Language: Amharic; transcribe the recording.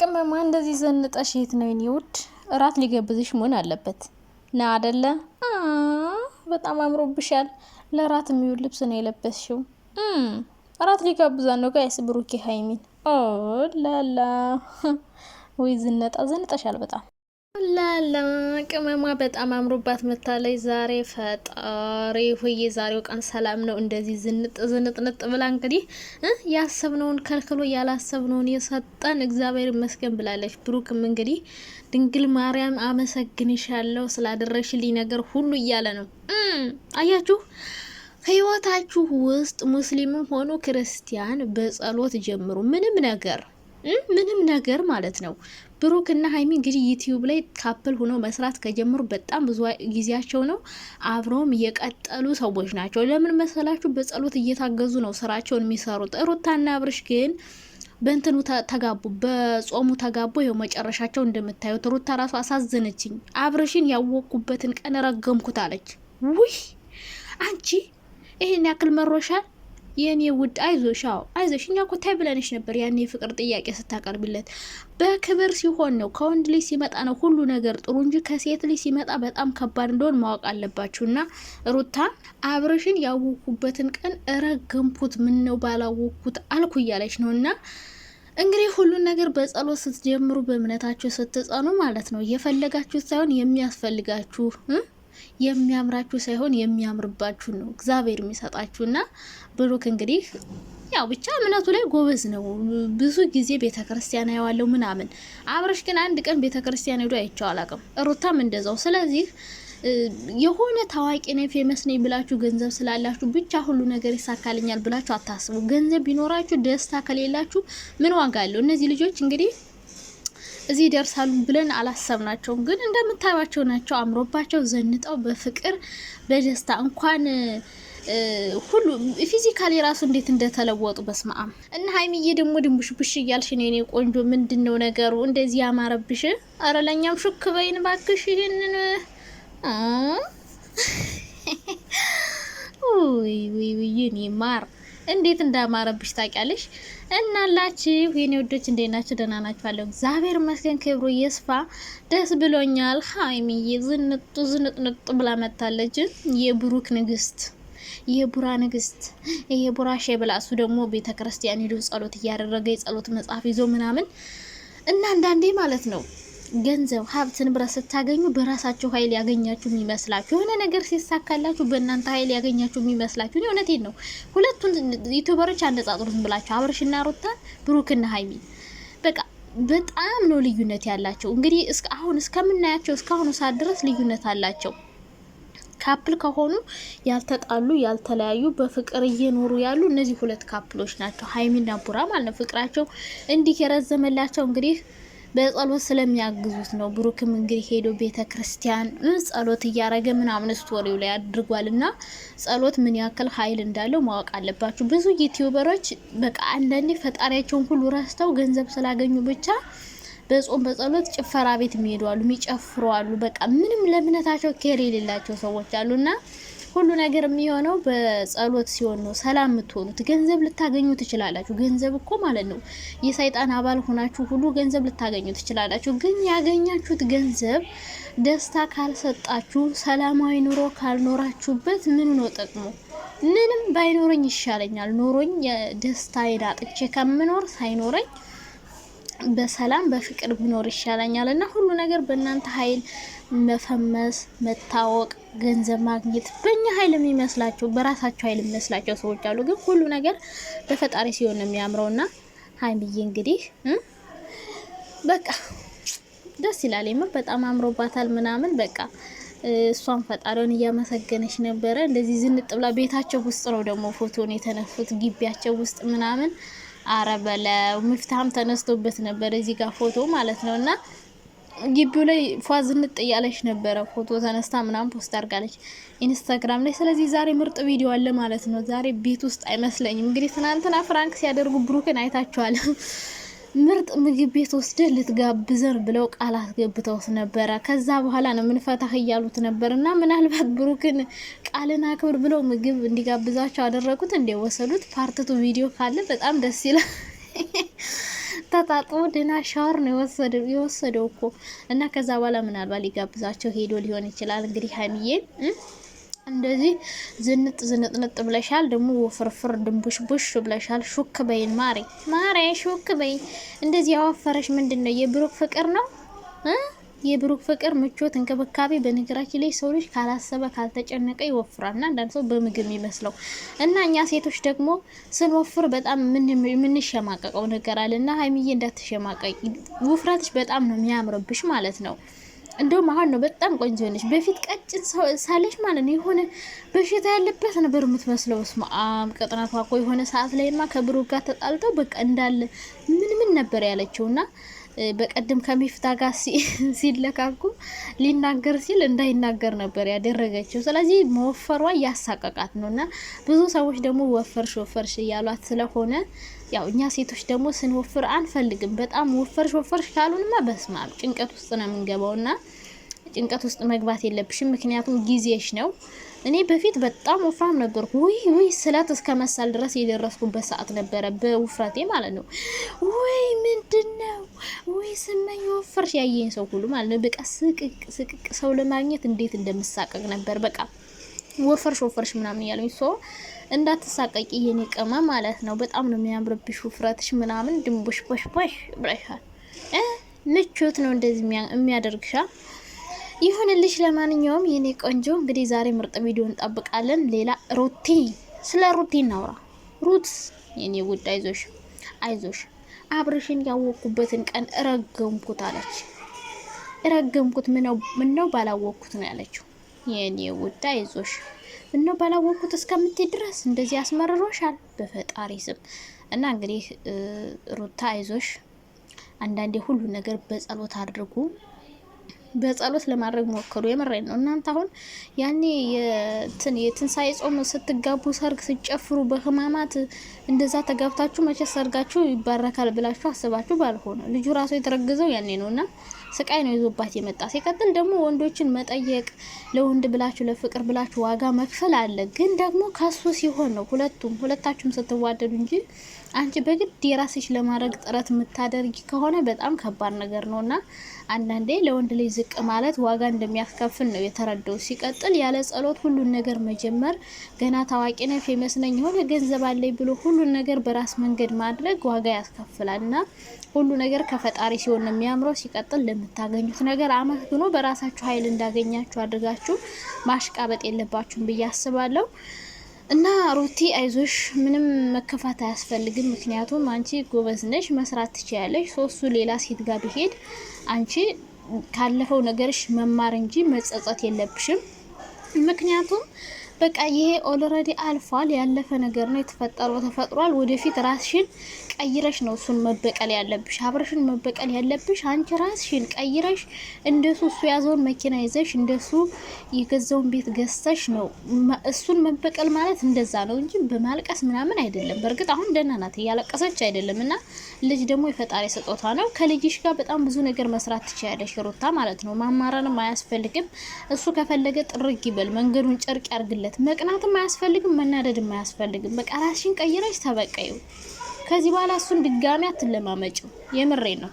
ቅመማ እንደዚህ ዘንጠሽ የት ነው የኔ ውድ? እራት ሊገብዝሽ መሆን አለበት ና አደለ? በጣም አምሮብሻል። ለራት የሚውል ልብስ ነው የለበስሽው። እራት ሊጋብዛ ነው ጋይስ ብሩኬ ሀይሚን ላላ ወይ ዝነጣ ዘንጠሻል በጣም ላላ ቅመሟ በጣም አምሮባት መታለች ዛሬ። ፈጣሪ ሁዬ ዛሬው ቀን ሰላም ነው። እንደዚህ ዝንጥ ዝንጥንጥ ብላ እንግዲህ ያሰብነውን ከልክሎ ያላሰብነውን የሰጠን እግዚአብሔር ይመስገን ብላለች። ብሩክም እንግዲህ ድንግል ማርያም አመሰግንሻለሁ ስላደረግሽልኝ ነገር ሁሉ እያለ ነው። አያችሁ ህይወታችሁ ውስጥ ሙስሊምም ሆኑ ክርስቲያን በጸሎት ጀምሩ። ምንም ነገር ምንም ነገር ማለት ነው ብሩክ እና ሀይሚ እንግዲህ ዩቲዩብ ላይ ካፕል ሆኖ መስራት ከጀምሩ በጣም ብዙ ጊዜያቸው ነው። አብረውም የቀጠሉ ሰዎች ናቸው። ለምን መሰላችሁ? በጸሎት እየታገዙ ነው ስራቸውን የሚሰሩት። ሩታና አብርሽ ግን በእንትኑ ተጋቡ፣ በጾሙ ተጋቡ። ይኸው መጨረሻቸው እንደምታዩት። ሩታ ራሱ አሳዘነችኝ። አብርሽን ያወቅኩበትን ቀን ረገምኩት አለች። ውይ አንቺ ይህን ያክል መሮሻል የኔ ውድ አይዞሽ፣ አዎ አይዞሽ፣ እኛ እኮ ታይ ብለንሽ ነበር። ያኔ የፍቅር ጥያቄ ስታቀርብለት በክብር ሲሆን ነው ከወንድ ልጅ ሲመጣ ነው ሁሉ ነገር ጥሩ እንጂ ከሴት ልጅ ሲመጣ በጣም ከባድ እንደሆን ማወቅ አለባችሁ። እና ሩታ አብርሽን ያወኩበትን ቀን እረገምኩት፣ ምን ነው ባላወኩት አልኩ እያለች ነው እና እንግዲህ ሁሉን ነገር በጸሎት ስትጀምሩ በእምነታችሁ ስትጸኑ ማለት ነው የፈለጋችሁ ሳይሆን የሚያስፈልጋችሁ የሚያምራችሁ ሳይሆን የሚያምርባችሁ ነው እግዚአብሔር የሚሰጣችሁ። እና ብሩክ እንግዲህ ያው ብቻ እምነቱ ላይ ጎበዝ ነው። ብዙ ጊዜ ቤተክርስቲያን አይዋለው አየዋለሁ ምናምን። አብረሽ ግን አንድ ቀን ቤተክርስቲያን ሄዶ አይቼው አላውቅም። ሩታም እንደዛው። ስለዚህ የሆነ ታዋቂ ነኝ ፌመስ ነኝ ብላችሁ ገንዘብ ስላላችሁ ብቻ ሁሉ ነገር ይሳካልኛል ብላችሁ አታስቡ። ገንዘብ ቢኖራችሁ ደስታ ከሌላችሁ ምን ዋጋ አለው? እነዚህ ልጆች እንግዲህ እዚህ ይደርሳሉ ብለን አላሰብናቸውም፣ ግን እንደምታዩቸው ናቸው። አምሮባቸው ዘንጠው በፍቅር በደስታ እንኳን ሁሉ ፊዚካሊ ራሱ እንዴት እንደተለወጡ በስማአም እና ሀይሚዬ ደግሞ ብሽ እያልሽ ነው የኔ ቆንጆ፣ ምንድን ነው ነገሩ? እንደዚህ ያማረብሽ? አረ ለእኛም ሹክ በይን ባክሽ። ይህንን ውይ ውይ ውይ፣ የኔ ማር እንዴት እንዳማረብሽ ታውቂያለሽ? እናላችሁ የኔ ውዶች እንዴት ናችሁ? ደህና ናችሁ? አለው እግዚአብሔር ይመስገን፣ ክብሩ ይስፋ። ደስ ብሎኛል። ሀይሚዬ ዝንጡ ዝንጥንጥ ብላ መታለች። የብሩክ ንግስት፣ የቡራ ንግስት፣ የቡራ ሼ ብላ እሱ ደግሞ ቤተ ክርስቲያን ሄዶ ጸሎት እያደረገ የጸሎት መጽሐፍ ይዞ ምናምን እና አንዳንዴ ማለት ነው ገንዘብ፣ ሀብት፣ ንብረት ስታገኙ በራሳችሁ ኃይል ያገኛችሁ የሚመስላችሁ የሆነ ነገር ሲሳካላችሁ በእናንተ ኃይል ያገኛችሁ የሚመስላችሁ እኔ እውነቴን ነው። ሁለቱን ዩቱበሮች አነጻጽሩት ብላችሁ አብርሽና ሩታ፣ ብሩክና ሀይሚ በቃ በጣም ነው ልዩነት ያላቸው። እንግዲህ አሁን እስከምናያቸው እስካሁኑ ሰዓት ድረስ ልዩነት አላቸው። ካፕል ከሆኑ ያልተጣሉ ያልተለያዩ በፍቅር እየኖሩ ያሉ እነዚህ ሁለት ካፕሎች ናቸው። ሀይሚና ቡራ ማለት ነው። ፍቅራቸው እንዲህ የረዘመላቸው እንግዲህ በጸሎት ስለሚያግዙት ነው። ብሩክም እንግዲህ ሄዶ ቤተ ክርስቲያን ጸሎት እያረገ ምናምን ስቶሪው ላይ አድርጓል። እና ጸሎት ምን ያክል ኃይል እንዳለው ማወቅ አለባችሁ። ብዙ ዩቲዩበሮች በቃ አንዳንዴ ፈጣሪያቸውን ሁሉ ረስተው ገንዘብ ስላገኙ ብቻ በጾም በጸሎት ጭፈራ ቤት የሚሄዱ አሉ፣ የሚጨፍሩ አሉ። በቃ ምንም ለእምነታቸው ኬር የሌላቸው ሰዎች አሉና ሁሉ ነገር የሚሆነው በጸሎት ሲሆን ነው ሰላም የምትሆኑት። ገንዘብ ልታገኙ ትችላላችሁ። ገንዘብ እኮ ማለት ነው የሰይጣን አባል ሆናችሁ ሁሉ ገንዘብ ልታገኙ ትችላላችሁ። ግን ያገኛችሁት ገንዘብ ደስታ ካልሰጣችሁ፣ ሰላማዊ ኑሮ ካልኖራችሁበት ምን ነው ጠቅሞ? ምንም ባይኖረኝ ይሻለኛል ኖሮኝ ደስታ አጥቼ ከምኖር ሳይኖረኝ በሰላም በፍቅር ብኖር ይሻለኛል እና ሁሉ ነገር በእናንተ ኃይል መፈመስ፣ መታወቅ፣ ገንዘብ ማግኘት በእኛ ኃይል የሚመስላቸው በራሳቸው ኃይል የሚመስላቸው ሰዎች አሉ። ግን ሁሉ ነገር በፈጣሪ ሲሆን ነው የሚያምረው። እና ሀይሚዬ እንግዲህ በቃ ደስ ይላል። የምር በጣም አምሮባታል ምናምን በቃ እሷን ፈጣሪውን እያመሰገነች ነበረ። እንደዚህ ዝንጥ ብላ ቤታቸው ውስጥ ነው ደግሞ ፎቶን የተነፉት ግቢያቸው ውስጥ ምናምን አረ በለው ሚፍታህም ተነስቶበት ነበር እዚህ ጋር ፎቶ ማለት ነው እና ግቢው ላይ ፏዝ ንጥ እያለች ነበረ ፎቶ ተነስታ ምናምን ፖስት አድርጋለች ኢንስታግራም ላይ። ስለዚህ ዛሬ ምርጥ ቪዲዮ አለ ማለት ነው። ዛሬ ቤት ውስጥ አይመስለኝም። እንግዲህ ትናንትና ፍራንክ ሲያደርጉ ብሩክን አይታችኋል። ምርጥ ምግብ ቤት ወስደ ልትጋብዘን ብለው ቃል አስገብተውት ነበረ። ከዛ በኋላ ነው ምንፈታህ እያሉት ነበር። እና ምናልባት ብሩክን ቃልን አክብር ብለው ምግብ እንዲጋብዛቸው አደረጉት። እንደ ወሰዱት ፓርትቱ ቪዲዮ ካለ በጣም ደስ ይላል። ተጣጥሞ ደህና ሻወር ነው የወሰደው እኮ እና ከዛ በኋላ ምናልባት ሊጋብዛቸው ሄዶ ሊሆን ይችላል። እንግዲህ ሀይሚዬን እንደዚህ ዝንጥ ዝንጥንጥ ብለሻል፣ ደግሞ ወፍርፍር ቡሽ ብለሻል። ሹክ በይን ማሬ ማሬ፣ ሹክ በይን። እንደዚህ ያወፈረሽ ምንድን ነው? የብሩክ ፍቅር ነው የብሩክ ፍቅር፣ ምቾት፣ እንክብካቤ። በነገራችን ላይ ሰው ልጅ ካላሰበ ካልተጨነቀ ይወፍራል እና አንዳንድ ሰው በምግብ ይመስለው እና እኛ ሴቶች ደግሞ ስንወፍር በጣም የምንሸማቀቀው ነገር አለ እና ሀይሚዬ እንዳትሸማቀቂ፣ ውፍረትሽ በጣም ነው የሚያምርብሽ ማለት ነው። እንደውም አሁን ነው በጣም ቆንጆ ነች። በፊት ቀጭን ሳለች ማለት ነው የሆነ በሽታ ያለበት ነበር የምትመስለው። ስማ ቅጥነቷ እኮ የሆነ ሰዓት ላይማ ከብሩ ጋር ተጣልተው በቃ እንዳለ ምን ምን ነበር ያለችው እና በቀደም ከሚፍታ ጋር ሲለካኩ ሊናገር ሲል እንዳይናገር ነበር ያደረገችው። ስለዚህ መወፈሯ እያሳቀቃት ነው እና ብዙ ሰዎች ደግሞ ወፈርሽ ወፈርሽ እያሏት ስለሆነ ያው እኛ ሴቶች ደግሞ ስንወፍር አንፈልግም። በጣም ወፈርሽ ወፈርሽ ካሉንማ በስመ አብ ጭንቀት ውስጥ ነው የምንገባውና ጭንቀት ውስጥ መግባት የለብሽም። ምክንያቱም ጊዜሽ ነው። እኔ በፊት በጣም ወፍራም ነበርኩ። ውይ ውይ ስለት እስከ መሳል ድረስ የደረስኩበት ሰዓት ነበረ፣ በውፍረቴ ማለት ነው። ውይ ምንድን ነው ውይ ስመኝ ወፈርሽ ያየኝ ሰው ሁሉ ማለት ነው። በቃ ስቅቅ ስቅቅ ሰው ለማግኘት እንዴት እንደምሳቀቅ ነበር በቃ ወፈርሽ ወፈርሽ ምናምን እያለኝ ሶ እንዳትሳቀቂ የኔ ቀመ ማለት ነው። በጣም ነው የሚያምርብሽ ውፍረትሽ ምናምን ድንቦሽ ቦሽቦሽ ብለሻል። ምቾት ነው እንደዚህ የሚያደርግሻ ይሁንልሽ። ለማንኛውም የኔ ቆንጆ እንግዲህ ዛሬ ምርጥ ቪዲዮ እንጠብቃለን። ሌላ ሩቲ፣ ስለ ሩቲ እናውራ። ሩት የኔ ውድ አይዞሽ አይዞሽ፣ አብርሽን ያወቅኩበትን ቀን ረገምኩት አለች። ረገምኩት ምነው ባላወቅኩት ነው ያለችው። የኔ ውዳ ይዞሽ እና ባላወቅኩት እስከምትሄድ ድረስ እንደዚህ ያስመርሮሻል። በፈጣሪ ስም እና እንግዲህ ሩታ አይዞሽ። አንዳንዴ ሁሉ ነገር በጸሎት አድርጉ። በጸሎት ለማድረግ ሞክሩ። የምሬን ነው። እናንተ አሁን ያኔ የትንሳኤ ጾም ስትጋቡ ሰርግ ስትጨፍሩ በህማማት እንደዛ ተጋብታችሁ መቼ ሰርጋችሁ ይባረካል ብላችሁ አስባችሁ ባልሆነ ልጁ ራሱ የተረገዘው ያኔ ነው እና ስቃይ ነው ይዞባት የመጣ። ሲቀጥል ደግሞ ወንዶችን መጠየቅ ለወንድ ብላችሁ ለፍቅር ብላችሁ ዋጋ መክፈል አለ። ግን ደግሞ ከሱ ሲሆን ነው ሁለቱም ሁለታችሁም ስትዋደዱ እንጂ አንቺ በግድ የራስሽ ለማድረግ ጥረት የምታደርጊ ከሆነ በጣም ከባድ ነገር እና አንዳንዴ ለወንድ ልጅ ዝቅ ማለት ዋጋ እንደሚያስከፍል ነው የተረዳው። ሲቀጥል ያለ ጸሎት ሁሉን ነገር መጀመር፣ ገና ታዋቂ ነኝ ፌመስ የሆነ ገንዘብ አለኝ ብሎ ሁሉን ነገር በራስ መንገድ ማድረግ ዋጋ ያስከፍላል እና ሁሉ ነገር ከፈጣሪ ሲሆን ነው የሚያምረው። ሲቀጥል ለምታገኙት ነገር አመስግኖ በራሳችሁ ኃይል እንዳገኛችሁ አድርጋችሁ ማሽቃበጥ የለባችሁም ብዬ አስባለሁ። እና ሩቲ አይዞሽ፣ ምንም መከፋት አያስፈልግም። ምክንያቱም አንቺ ጎበዝ ነሽ፣ መስራት ትችያለሽ። ሶስቱ ሌላ ሴት ጋር ቢሄድ አንቺ ካለፈው ነገርሽ መማር እንጂ መጸጸት የለብሽም። ምክንያቱም በቃ ይሄ ኦልሬዲ አልፏል። ያለፈ ነገር ነው፣ የተፈጠረው ተፈጥሯል። ወደፊት ራስሽን ቀይረሽ ነው እሱን መበቀል ያለብሽ፣ አብረሽን መበቀል ያለብሽ አንቺ ራስሽን ቀይረሽ እንደሱ እሱ የያዘውን መኪና ይዘሽ እንደሱ የገዛውን ቤት ገዝተሽ ነው እሱን መበቀል ማለት እንደዛ ነው እንጂ በማልቀስ ምናምን አይደለም። በእርግጥ አሁን ደህና ናት፣ እያለቀሰች አይደለም። እና ልጅ ደግሞ የፈጣሪ ስጦታ ነው። ከልጅሽ ጋር በጣም ብዙ ነገር መስራት ትችያለሽ ሩታ ማለት ነው። ማማረንም አያስፈልግም። እሱ ከፈለገ ጥርግ ይበል፣ መንገዱን ጨርቅ ያርግለት። ማለት መቅናትም አያስፈልግም፣ መናደድም አያስፈልግም። በቃ ራስሽን ቀይረሽ ተበቀዩ። ከዚህ በኋላ እሱን ድጋሚ አትለማመጭው። የምሬ ነው።